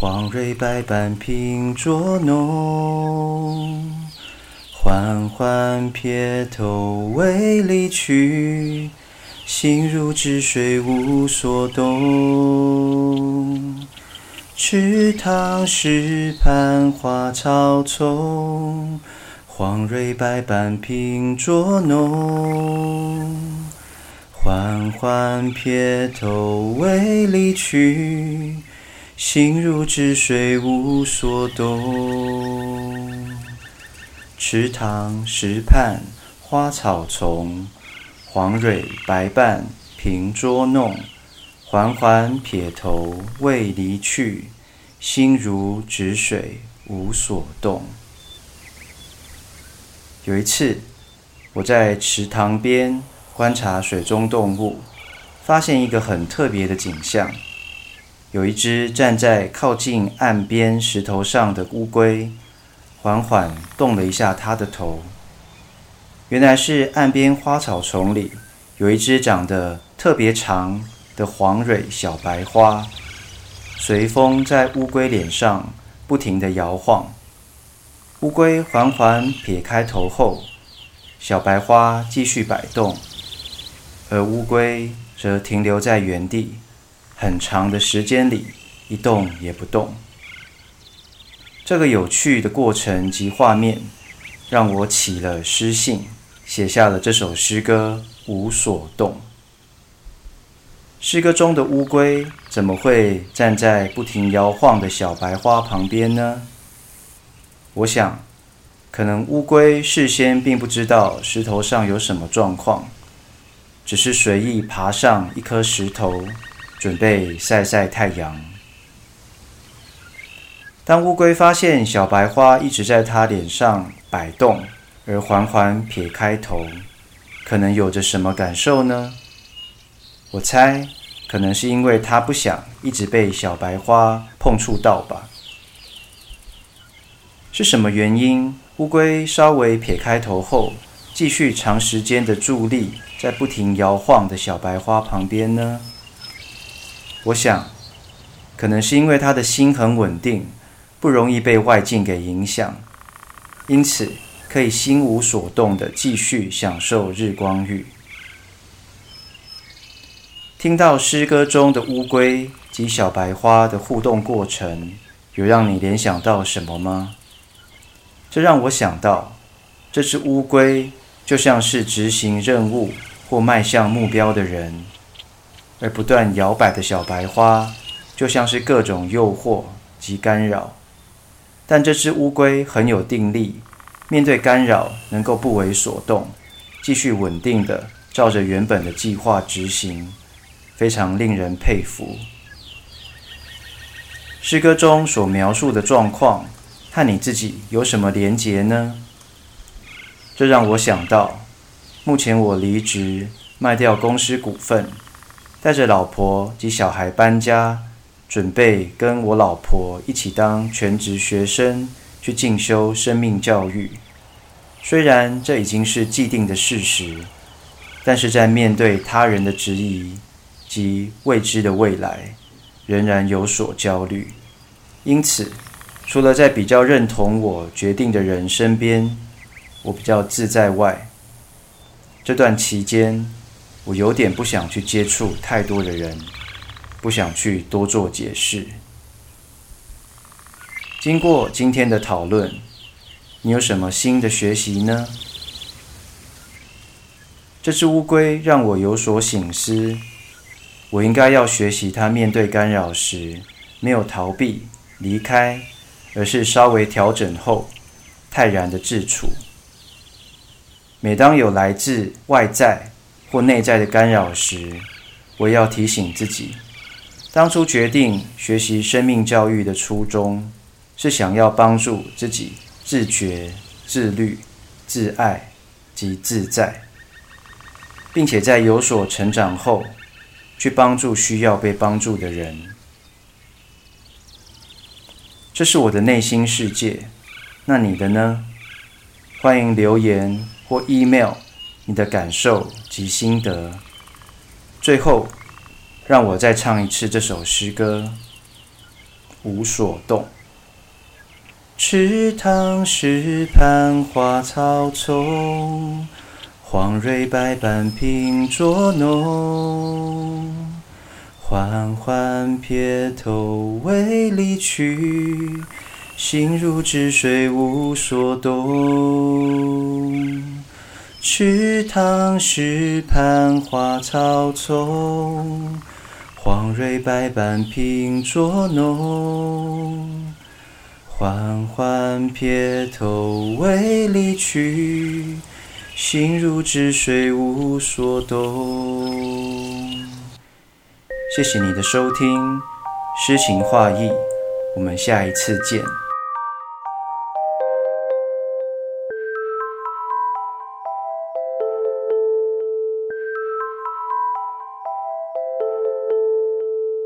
黃蕊白瓣頻捉弄，緩緩撇頭未離去，心如止水無所動。池塘石畔花草叢，黃蕊白瓣頻捉弄，緩緩撇頭未離去。心如止水無所動。池塘石畔花草叢，黃蕊白瓣頻捉弄，緩緩撇頭未離去，心如止水無所動。有一次，我在池塘邊觀察水中動物，發現一個很特別的景象。有一隻站在靠近岸邊石頭上的烏龜，緩緩動了一下它的頭。原來是岸邊花草叢裡有一隻長得特別長的黃蕊小白花，隨風在烏龜臉上不停地搖晃。烏龜緩緩撇開頭後，小白花繼續擺動，而烏龜則停留在原地。很長的時間裡一動也不動，這個有趣的過程及畫面讓我起了詩興，寫下了這首詩歌《無所動》。詩歌中的烏龜怎麼會站在不停搖晃的小白花旁邊呢？我想，可能烏龜事先並不知道石頭上有什麼狀況，只是隨意爬上一顆石頭。準備曬曬太陽。當烏龜發現小白花一直在它臉上擺動，而緩緩撇開頭，可能有着什麼感受呢？我猜，可能是因為它不想一直被小白花碰觸到吧。是什麼原因，烏龜稍微撇開頭後，繼續長時間的佇立在不停搖晃的小白花旁邊呢？我想，可能是因為他的心很穩定，不容易被外境給影響，因此可以心無所動地繼續享受日光浴。聽到詩歌中的烏龜及小白花的互動過程，有讓你聯想到什麼嗎？這讓我想到，這只烏龜就像是執行任務或邁向目標的人。而不斷搖擺的小白花，就像是各種誘惑及干擾，但這隻烏龜很有定力，面對干擾能夠不為所動，繼續穩定地照着原本的計劃執行，非常令人佩服。詩歌中所描述的狀況，和你自己有什麼連結呢？這讓我想到，目前我離職，賣掉公司股份。帶着老婆及小孩搬家，準備跟我老婆一起當全職學生去進修生命教育。雖然這已經是既定的事實，但是在面對他人的質疑及未知的未來，仍然有所焦慮。因此，除了在比較認同我決定的人身邊，我比較自在外。這段期間，我有點不想去接觸太多的人，不想去多做解釋。經過今天的討論，你有什麼新的學習呢？這隻烏龜讓我有所省思，我應該要學習它面對干擾時，沒有逃避離開，而是稍微調整後，泰然的自處。每當有來自外在或內在的干擾時，我也要提醒自己，當初決定學習生命教育的初衷，是想要幫助自己自覺、自律、自愛及自在，並且在有所成長後，去幫助需要被幫助的人。這是我的內心世界，那你的呢？歡迎留言或 email 你的感受。心得。最後，讓我再唱一次這首詩歌：無所動。池塘石畔花草叢，黃蕊白瓣頻捉弄，緩緩撇頭未離去，心如止水無所動。池塘石畔花草叢，黃蕊白瓣頻捉弄，緩緩撇頭未離去，心如止水無所動。謝謝你的收聽，詩情話意，我們下一次見。